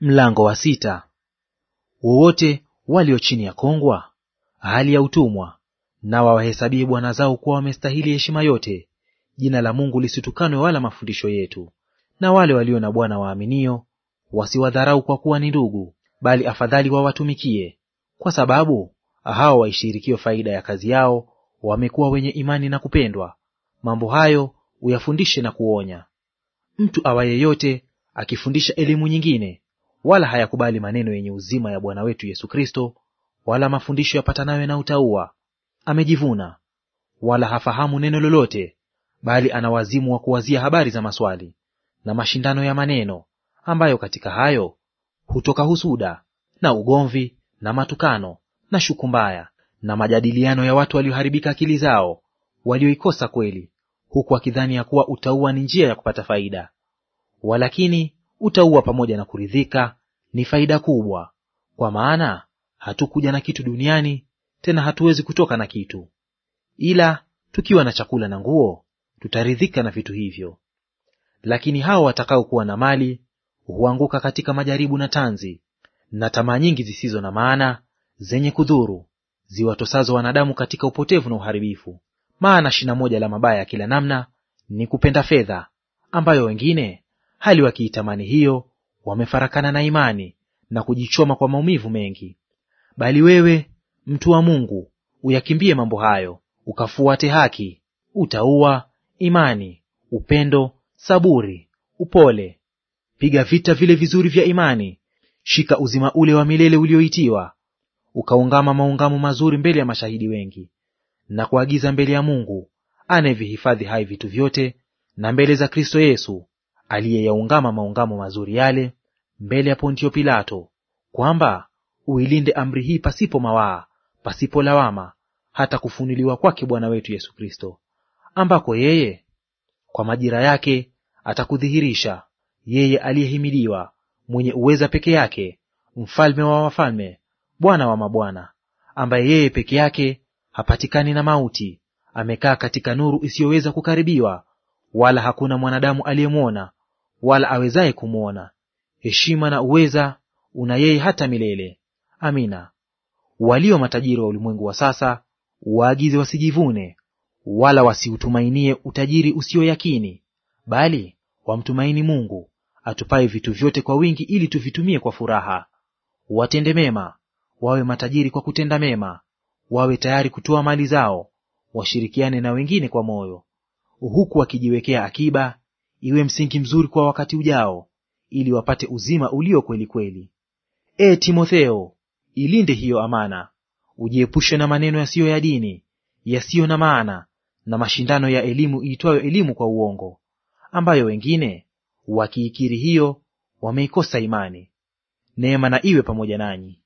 Mlango wa sita. Wowote walio chini ya kongwa hali ya utumwa, na wawahesabie bwana zao kuwa wamestahili heshima yote, jina la Mungu lisitukanwe wala mafundisho yetu. Na wale walio na bwana waaminio wasiwadharau kwa kuwa ni ndugu, bali afadhali wawatumikie, kwa sababu hao waishirikio faida ya kazi yao wamekuwa wenye imani na kupendwa. Mambo hayo uyafundishe na kuonya. Mtu awaye yote akifundisha elimu nyingine wala hayakubali maneno yenye uzima ya Bwana wetu Yesu Kristo, wala mafundisho yapatanayo na utaua Amejivuna, wala hafahamu neno lolote, bali ana wazimu wa kuwazia habari za maswali na mashindano ya maneno, ambayo katika hayo hutoka husuda na ugomvi na matukano na shuku mbaya na majadiliano ya watu walioharibika akili zao, walioikosa kweli, huku akidhani ya kuwa utaua ni njia ya kupata faida. Walakini Utaua pamoja na kuridhika ni faida kubwa, kwa maana hatukuja na kitu duniani, tena hatuwezi kutoka na kitu; ila tukiwa na chakula na nguo, tutaridhika na vitu hivyo. Lakini hao watakaokuwa na mali huanguka katika majaribu na tanzi, na tamaa nyingi zisizo na maana zenye kudhuru, ziwatosazo wanadamu katika upotevu na uharibifu. Maana shina moja la mabaya ya kila namna ni kupenda fedha, ambayo wengine hali wakiitamani hiyo wamefarakana na imani na kujichoma kwa maumivu mengi. Bali wewe mtu wa Mungu, uyakimbie mambo hayo, ukafuate haki, utaua imani, upendo, saburi, upole. Piga vita vile vizuri vya imani, shika uzima ule wa milele ulioitiwa, ukaungama maungamo mazuri mbele ya mashahidi wengi, na kuagiza mbele ya Mungu anayevihifadhi hai vitu vyote, na mbele za Kristo Yesu aliyeyaungama maungamo mazuri yale mbele ya Pontio Pilato, kwamba uilinde amri hii pasipo mawaa, pasipo lawama, hata kufunuliwa kwake Bwana wetu Yesu Kristo, ambako yeye kwa majira yake atakudhihirisha, yeye aliyehimidiwa, mwenye uweza peke yake, mfalme wa wafalme, Bwana wa mabwana, ambaye yeye peke yake hapatikani na mauti, amekaa katika nuru isiyoweza kukaribiwa, wala hakuna mwanadamu aliyemwona wala awezaye kumwona. Heshima na uweza una yeye hata milele. Amina. Walio matajiri wa ulimwengu wa sasa waagize wasijivune, wala wasiutumainie utajiri usio yakini, bali wamtumaini Mungu atupaye vitu vyote kwa wingi, ili tuvitumie kwa furaha. Watende mema, wawe matajiri kwa kutenda mema, wawe tayari kutoa mali zao, washirikiane na wengine kwa moyo, huku wakijiwekea akiba iwe msingi mzuri kwa wakati ujao, ili wapate uzima ulio kweli kweli. E Timotheo, ilinde hiyo amana, ujiepushe na maneno yasiyo ya dini, yasiyo na maana, na mashindano ya elimu iitwayo elimu kwa uongo, ambayo wengine wakiikiri hiyo wameikosa imani. Neema na iwe pamoja nanyi.